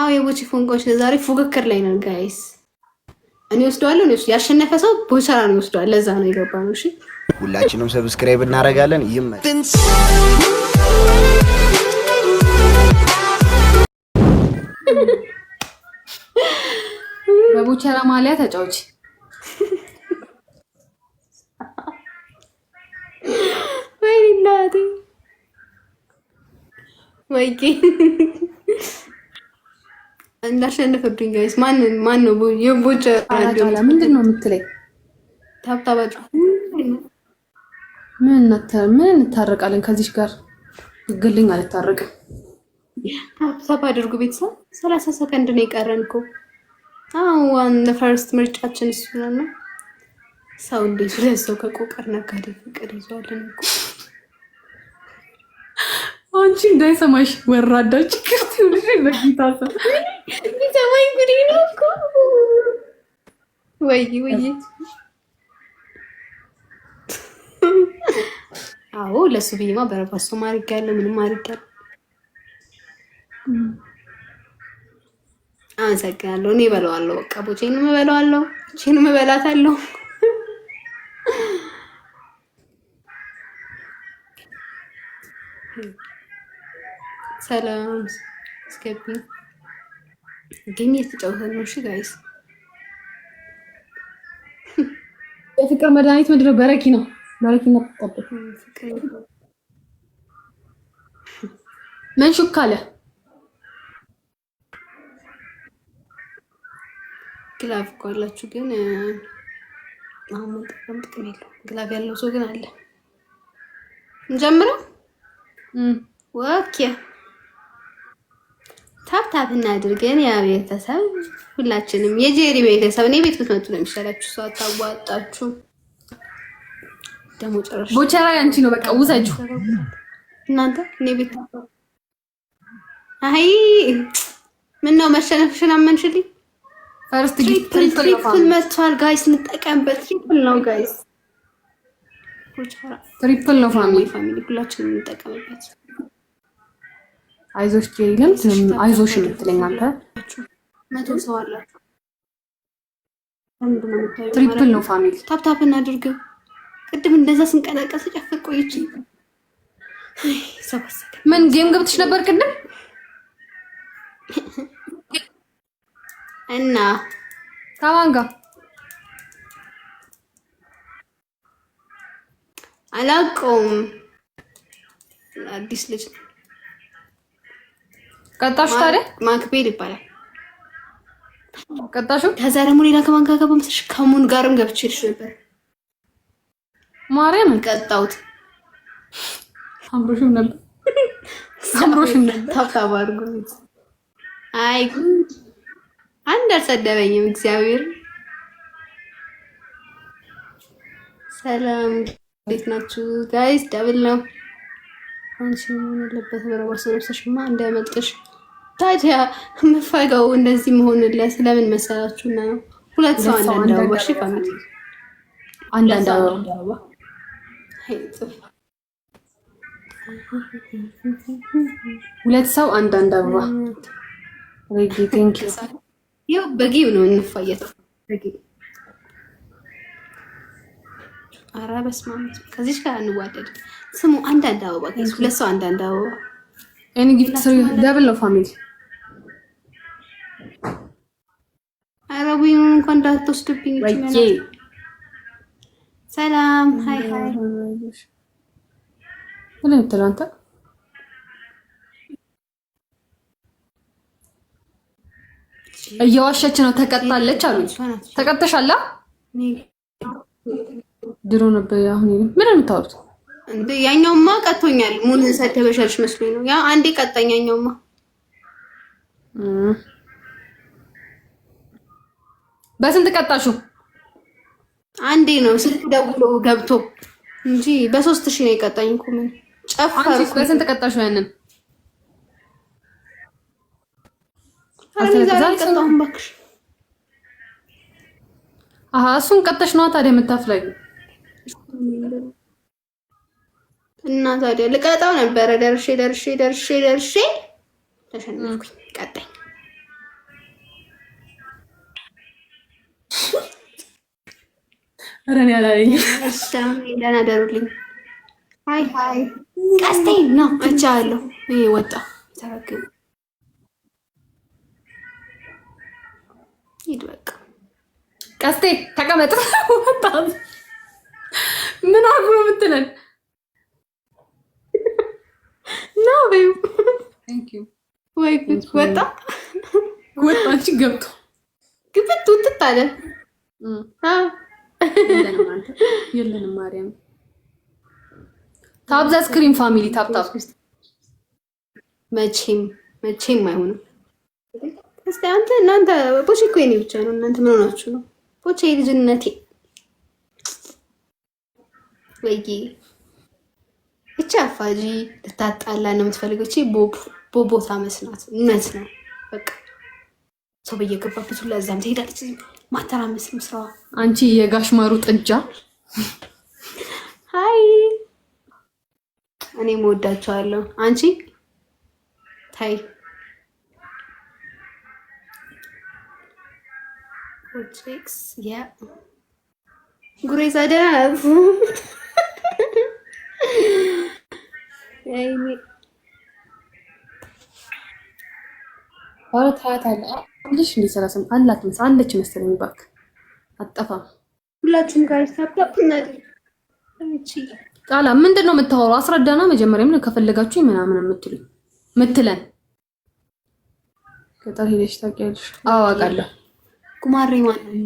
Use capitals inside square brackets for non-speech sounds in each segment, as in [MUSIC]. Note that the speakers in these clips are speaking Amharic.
አዎ የቦቺ ፎንቆች ዛሬ ፉክክር ላይ ነን ጋይስ። እኔ ወስደዋለሁ። እኔ ያሸነፈ ሰው ቦቸራ ነው ይወስደዋል። ለዛ ነው የገባ ነው። እሺ ሁላችንም ሰብስክራይብ እናደርጋለን። ይመ በቦቸራ ማሊያ ተጫዎች ወይ እናቴ ወይ እንዳሸነፈብኝ ጋይስ፣ ማን ማን ነው የቦጭ ምንድን ነው የምትለኝ? ታብታባጭ ምን እንታረቃለን ከዚች ጋር ግልኝ አልታረቅም። ታብታብ አድርጉ ቤተሰብ። ሰላሳ ሰከንድ ነው የቀረን እኮ አሁን ፈርስት ምርጫችን እሱ ነው። ሰው እንዴት ለሰው ከቆቀር ነጋዴ ፍቅር ይዟልን እኮ አንቺ እንዳይሰማሽ ወራዳ ችግር ትሆንሽ። በጌታ ሰማኝ ጉዴ ነው እኮ ወይ ወይ። አዎ ለእሱ ብዬማ በረባሶ ማድረግ ምንም አድርግ ያለ። አመሰግናለሁ። እኔ እበለዋለሁ። በቃ ቦቼንም እበለዋለሁ፣ ቼንም እበላታለሁ። ሰላም እስከቢ ግን የተጫወተን ነው። እሺ ጋይስ የፍቅር መድኃኒት ምንድን ነው? በረኪ ነው። በረኪ ነው። ምን ሹክ አለ ግላፍ እኮ አላችሁ፣ ግን አሁን መጠቀም ጥቅም የለውም። ግላፍ ያለው ሰው ግን አለ። እንጀምረው ኦኬ ታፕታፕ እናድርገን። ያ ቤተሰብ ሁላችንም የጄሪ ቤተሰብ እኔ ቤት ብትመጡ ነው የሚሻላችሁ። ሰው አታዋጣችሁ። ደግሞ ጨረሽ ቦቸራ አንቺ ነው። በቃ ውሰጁ። እናንተ እኔ ቤት አይ ምን ነው መሸነፍሽን አመንሽልኝ። ፈርስት ጊፍት ትሪፕል መጥቷል ጋይስ፣ እንጠቀምበት። ትሪፕል ነው ጋይስ፣ ትሪፕል ነው ፋሚሊ ፋሚሊ፣ ሁላችንም እንጠቀምበት። አይዞሽ ጄሪንም አይዞሽ የምትለኝ አንተ መቶ ሰው ትሪፕል ነው ፋሚሊ ታፕታፕ እናድርግ። ቅድም እንደዛ ስንቀላቀል ስጨፍር ቆይቼ ምን ጌም ገብትሽ ነበር ቅድም እና ከማን ጋር አላውቀውም። አዲስ ልጅ ነው ቀጣሹ ታዲያ ማክቤል ይባላል። ቀጣሹ ከዛ ደግሞ ሌላ ከማን ጋር ገባ መሰለሽ? ከሙን ጋርም ገብቼ ልሽ ነበር። ማርያም ቀጣሁት። አምሮሽም ነበር አምሮሽም ነበር። አይ አንድ አልሰደበኝም። እግዚአብሔር ሰላም፣ እንዴት ናችሁ ጋይስ? ደብል ነው አንቺ ምን ያለበት ለብሰሽማ ታዲያ የምፈገው እንደዚህ መሆን ስለምን መሰላችሁ? እና ሁለት ሰው አንዳንድ አበባ ሺ ፋሚሊ አንዳንድ አበባ ሁለት ሰው አንዳንድ አበባ ሬዲ ቴንክ ያው በጌም ነው እንፋየት በጌም ኧረ በስመ አብ ከዚች ጋር እንዋደድ። ስሙ አንዳንድ አበባ ሁለት ሰው አንዳንድ አበባ ኤኒ ጊፍት ደብል ነው ፋሚሊ አረቡኝ እንኳን እንዳትወስድብኝ። ሰላም ሀይ ሀይ አንተ እየዋሸች ነው። ተቀጣለች አሉ። ተቀጥተሻላ ድሮ ነበር። አሁን ምን የምታወሩት? ያኛውማ ቀጥቶኛል። ሙሉን ሰደበሻልሽ መስሎኝ ነው። ያ አንዴ ቀጣኝ ያኛውማ በስንት ቀጣሹ? አንዴ ነው ስልክ ደውሎ ገብቶ እንጂ በሶስት ሺህ ነው የቀጣኝ እኮ ምን ጨፈርኩ። በስንት ቀጣሹ? ያንን አሀ እሱን ቀጠሽ ነዋ። ታዲያ የምታፍላዩ እና ታዲያ ልቀጣው ነበረ። ደርሼ ደርሼ ደርሼ ደርሼ ተሸነፍኩኝ። ቀጣኝ ረን ያላለኝ ለናደሩልኝ ሀይ ሀይ ቀስቴ ነው እቻ አለሁ ይሄ ወጣ ተረግቡ ሂድ በቃ ቀስቴ ተቀመጥ። ወጣ ምን አግሮ ምትለን ና ወይ ወጣ ወጣ አንቺ ገብቶ ግብት ውጥት አለ የለንም ማርያም ታብዛ ስክሪን ፋሚሊ ታብታብ መቼም መቼም አይሆንም። እስቲ አንተ እናንተ ፖቼ እኮ የኔ ብቻ ነው። እናንተ ምን ሆናችሁ ነው? ፖቼ ልጅነቴ ወይ እቺ አፋጂ ልታጣላ ነው የምትፈልገው። እቺ ቦቦታ መስናት እውነት ነው። በቃ ሰው በየገባበት ሁላ እዛም ትሄዳለች። ማተራመስ ነው ስራዋ። አንቺ የጋሽ ማሩ ጥጃ። ሀይ እኔ እወዳቸዋለሁ። አንቺ ታይ ፕሮጀክትስ ያ [LAUGHS] ማለት ሀያት አለ ልሽ እንዲ ሰላሳ አላት መስ አለች መሰለኝ እባክህ አጠፋም ሁላችሁም ጋር ቃላ ምንድን ነው የምታወራው? አስረዳና መጀመሪያ ምን ከፈለጋችሁ ምናምን የምትሉኝ ምትለን ገጠር ሄደሽ ታውቂያለሽ? አዎ አውቃለሁ። ጉማሬ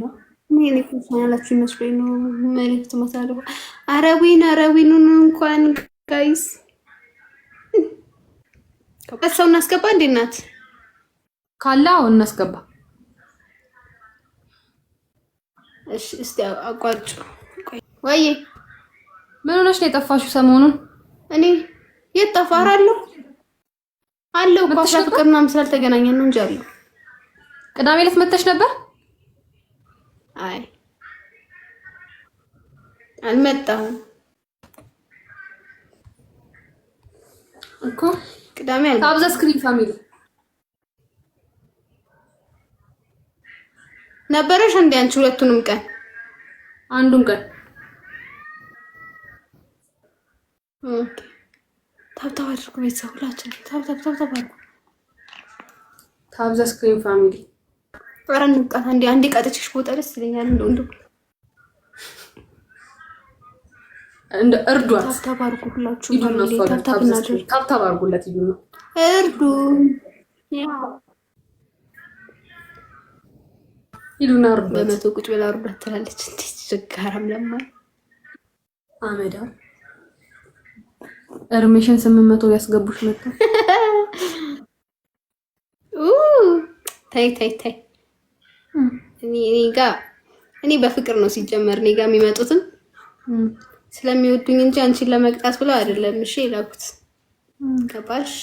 ነው? እኔ ኩሳን ይመስለኝ ነው መልእክት አረዊን አረዊኑን እንኳን ጋይስ ሰው እናስገባ ናት ካለ አሁን እናስገባ። እሺ፣ እስቲ አቋርጭ። ወይ ምን ሆነሽ ነው የጠፋሽው ሰሞኑን? እኔ የት ጠፋ? አራለሁ አለው እኮ አፍላ ፍቅር ምናምን ስላልተገናኘን ነው እንጂ አለው። ቅዳሜ ዕለት መተሽ ነበር? አይ አልመጣሁም እኮ ቅዳሜ አልመጣሁም። ታብዛ ስክሪን ፋሚሊ ነበረሽ እንዴ አንቺ? ሁለቱንም ቀን አንዱን ቀን ኦኬ። ታብታብ አድርጉ ቤተሰብ ታብታብ ታብታብ አድርጉ። ታብዛ ስክሪን ፋሚሊ ኧረ እንውጣት አንዴ ቀጥቼሽ ቦታ ደስ ይለኛል። እንደው እንደው እንደ እርዷት። ታብታብ አድርጉ ታብታብ እናድርግ። ታብታብ እርዱ ያው ይሉና ሩዳት በመቶ ቁጭ ብላ ሩዳት ትላለች። እንዴት ችጋራም ለማ አመዳ እርሜሽን ስምንት መቶ ያስገቡሽ መጣ። ታይ ታይ ታይ እኔ ጋ እኔ በፍቅር ነው ሲጀመር እኔ ጋ የሚመጡትም ስለሚወዱኝ እንጂ አንቺን ለመቅጣት ብለው አይደለም። እሺ የላኩት ገባሽ?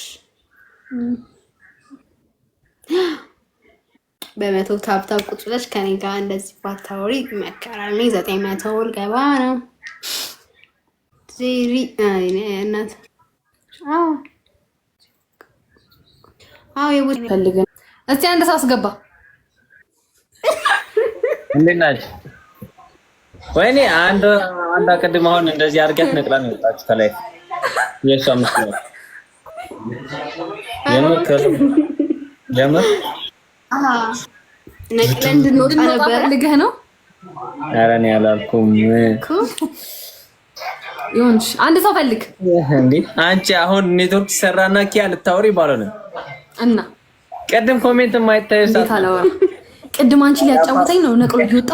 በመቶ ታብታብ ቁጭ ብለሽ ከኔ ጋር እንደዚህ ባታወሪ ይመከራል። እኔ ዘጠኝ መቶ ወር ገባ ነው ዜሪ እናት አዎ እስቲ አንድ ሰው አስገባ። እንዴት ናችሁ? ወይኔ አንድ አንድ አቅድም አሁን እንደዚህ አድርጊያት ነቅላ ነው የወጣችሁ ከላይ የእሷ ምስ ነው የምር ነቅለን እንድንወጣ ነበር ልገህ ነው። ኧረ እኔ አላልኩም። ይሁንሽ አንድ ሰው ፈልግ። እንዴ አንቺ አሁን ኔትወርክ ሰራና ኪያ ልታወሪ ባለው ነው እና ቅድም ኮሜንት የማይታየ ሰዓት ቅድም አንቺ ሊያጫውተኝ ነው ነቅሎ ይወጣ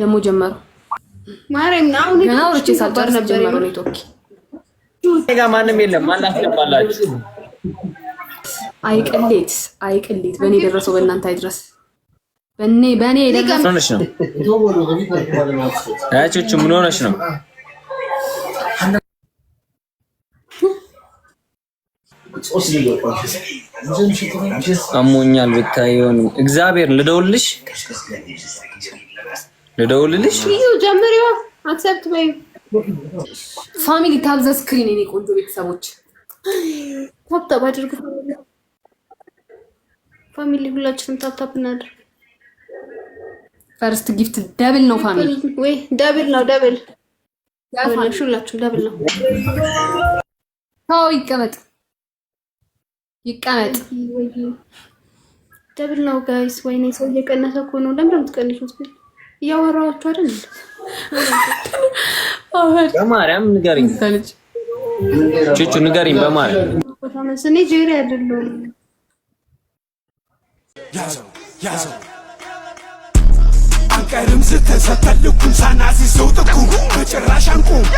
ደግሞ ጀመረው። ማርያም አሁን ማንም የለም አላስገባላችሁ አይቅሌት አይቅሌት በእኔ የደረሰው በእናንተ አይድረስ። በእኔ በእኔ የደረሰው ነው። አያቾቹ ምን ሆነሽ ነው? አሞኛል ብታየውን እግዚአብሔር ልደውልልሽ ልደውልልሽ ጀምሪዋ አክሰፕት በይ ፋሚሊ ታብዘ ስክሪን የኔ ቆንጆ ቤተሰቦች ታብታብ አድርጉ ፋሚሊ ሁላችንም ታፕታፕ እናድርግ። ፈርስት ጊፍት ደብል ነው ፋሚሊ ወይ ደብል ነው ደብል ሁላችሁም ደብል ነው። ሰው ይቀመጥ ይቀመጥ ደብል ነው ጋይስ። ወይኔ ሰው እየቀነሰ እኮ ነው። ለምን የምትቀንሱት? እያወራኋችሁ አይደል? በማርያም ንገሪኝ፣ ቹቹ ንገሪኝ። በማርያም ስኔ ጄሪ አይደለሁም ያዘው ያዘው አንቀርም ሳናዚ ሰው ጥቁ በጭራሽ አንቁም